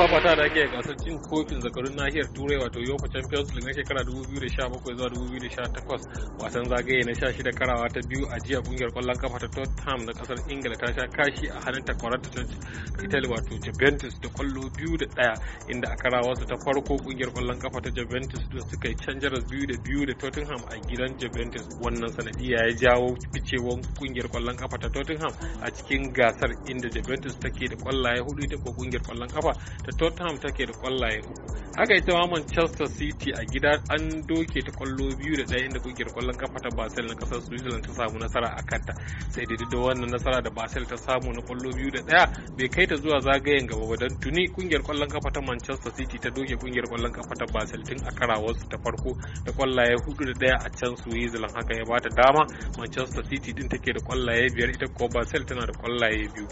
fafata da ake gasar cin kofin zakarun nahiyar turai wato yofa champions league na shekara 2017 zuwa 2018 wasan zagaye na 16 karawa ta biyu a jiya kungiyar kwallon kafa ta tottenham na kasar ingila ta sha kashi a hannun takwarar ta italy wato juventus da kwallo biyu da daya inda a karawarsu ta farko kungiyar kwallon kafa ta juventus din suka yi canjaras biyu da biyu da tottenham a gidan juventus wannan sanadiya ya jawo ficewar kungiyar kwallon kafa ta tottenham a cikin gasar inda juventus take da kwallaye hudu ita ko kungiyar kwallon kafa da tottenham take da kwallaye uku haka ita ma manchester city a gida an doke ta kwallo biyu da ɗaya inda kungiyar kwallon kafa ta basel na kasar switzerland ta samu nasara a kanta sai dai da wannan nasara da basel ta samu na kwallo biyu da ɗaya bai kai ta zuwa zagayen gaba ba don tuni kungiyar kwallon kafa ta manchester city ta doke kungiyar kwallon kafa ta basel tun a karawarsu ta farko da kwallaye hudu da ɗaya a can switzerland haka ya bata dama manchester city din take da kwallaye biyar ita ko basel tana da kwallaye biyu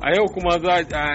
a yau kuma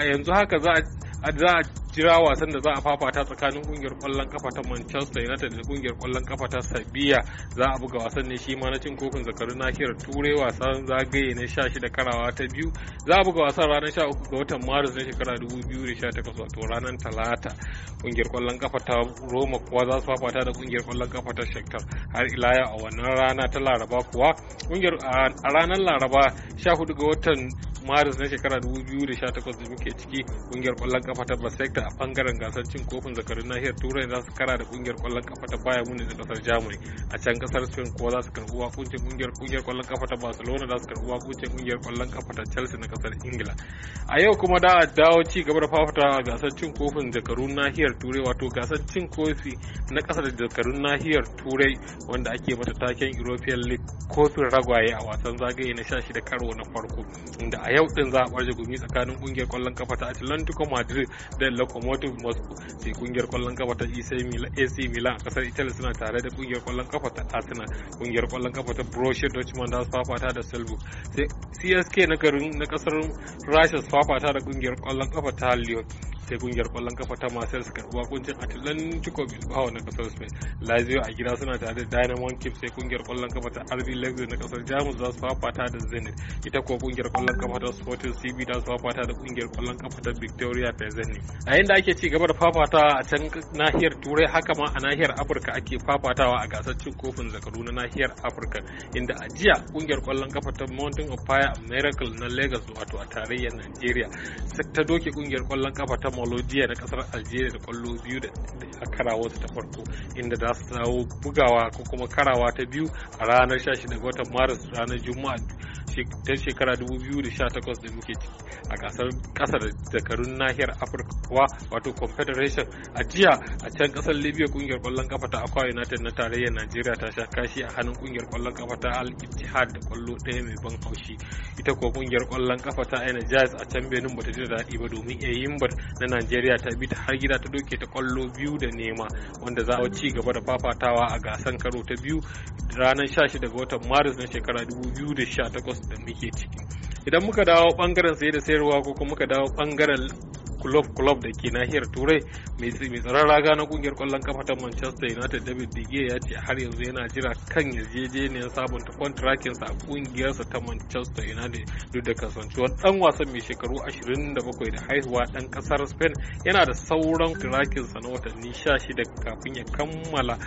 yanzu haka za a za a jira wasan da za a fafata tsakanin kungiyar kwallon kafa ta Manchester United da kungiyar kwallon kafa ta Sabiya za a buga wasan ne shi ma na cin kofin zakarun nahiyar Turai wasan zagaye na 16 karawa ta biyu za a buga wasan ranar 13 ga watan Maris na shekara 2018 wato ranar Talata kungiyar kwallon kafa ta Roma kuwa za su fafata da kungiyar kwallon kafa ta Shakhtar har ila yau a wannan rana ta Laraba kuwa kungiyar a ranar Laraba 14 ga watan maris na shekara 2018 da muke ciki kungiyar kwallon kafa ta basekta a bangaren gasar cin kofin zakarun nahiyar turai za su kara da kungiyar kwallon kafa ta bayan muni da kasar germany a can kasar spain kuwa za su karbi wakuncin kungiyar kungiyar kwallon kafa ta barcelona za su karbi wakuncin kungiyar kwallon kafa ta chelsea na kasar ingila a yau kuma da a dawo ci gaba da fafata gasar cin kofin zakarun nahiyar turai wato gasar cin kofi na kasar zakarun nahiyar turai wanda ake mata taken european league kofin ragwaye a wasan zagaye na 16 karo na farko inda a yau din za a barje gumi tsakanin kungiyar kwallon kafa ta Atlantico Madrid da Lokomotiv Moscow sai kungiyar kwallon kafa ta AC e Milan a kasar Italy suna tare da kungiyar kwallon kafa ta Arsenal kungiyar kwallon kafa ta Borussia Dortmund da fafata da Salzburg sai CSK na garin na kasar Russia fafata da kungiyar kwallon kafa ta Lyon sai kungiyar kwallon kafa ta Marseille su karbi bakuncin Atlantico Bilbao na kasar Spain Lazio a gida suna tare da Dynamo Kiev sai kungiyar kwallon kafa ta RB Leipzig na kasar Jamus za su fafata da Zenit ita kuwa kungiyar kwallon kafa ta Sporting CB za su fafata da kungiyar kwallon kafa ta Victoria Pezzeni a yayin da ake ci gaba da fafatawa a can nahiyar Turai haka ma a nahiyar Afirka ake fafatawa a gasar cin kofin zakaru na nahiyar Afirka inda a jiya kungiyar kwallon kafa ta Mountain of Fire Miracle na Lagos wato a tarayyar Najeriya ta doke kungiyar kwallon kafa ta Molodiya na kasar algeria da kwallo biyu da karawa ta farko inda za su dawo bugawa ko kuma karawa ta biyu a ranar 16 ga watan maris ranar juma'a ta shekara 2018 da muke ciki a gasar kasar dakarun nahiyar afirka kuwa wato confederation a jiya a can kasar libya kungiyar kwallon kafa ta akwa united na tarayyar najeriya ta sha kashi a hannun kungiyar kwallon kafa ta al ittihad da kwallo ɗaya mai ban haushi ita kuwa kungiyar kwallon kafa ta energize a can benin bata ji daɗi ba domin eyimbar na najeriya ta bi ta har gida ta doke ta kwallo biyu da nema wanda za a ci gaba da fafatawa a gasan karo ta biyu ranar 16 ga watan maris na shekara 2018 da muke ciki idan muka dawo bangaren saye da sayarwa ko kuma muka dawo bangaren club club da ke nahiyar turai mai tsaron raga na kungiyar kwallon kafa ta manchester united david de gea ya ce har yanzu yana jira kan yarjejeniyar sabunta sa a kungiyarsa ta manchester united duk da kasancewar dan wasan mai shekaru 27 da haihuwa dan kasar spain yana da sauran sa na watanni 16 kafin ya kammala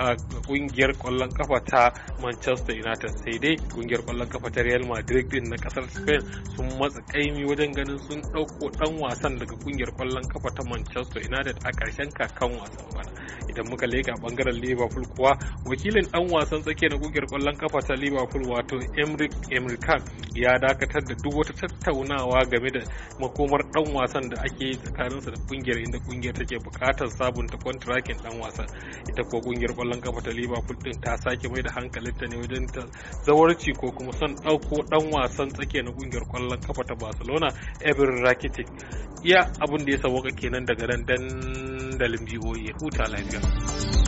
a kungiyar kwallon kafa ta manchester united sai dai kungiyar kwallon kafa ta real madrid din na kasar spain sun matsa kaimi wajen ganin sun dauko dan wasan Hassan daga kungiyar kwallon kafa ta Manchester United a ƙarshen kakan wasan bana. idan muka leka bangaren liverpool kuwa wakilin dan wasan tsakiya na kungiyar kwallon kafa ta liverpool wato emric emrican ya dakatar da duk wata tattaunawa game da makomar dan wasan da ake yi tsakaninsa da kungiyar inda kungiyar take bukatar sabunta kwantirakin dan wasan ita ko kungiyar kwallon kafa ta liverpool din ta sake mai da hankalinta ne wajen ta zawarci ko kuma son dauko dan wasan tsakiya na kungiyar kwallon kafa ta barcelona ever rakitic iya abin da ya sauka kenan daga nan dan እንደ ልምድ ይሆ የሁታ ላይ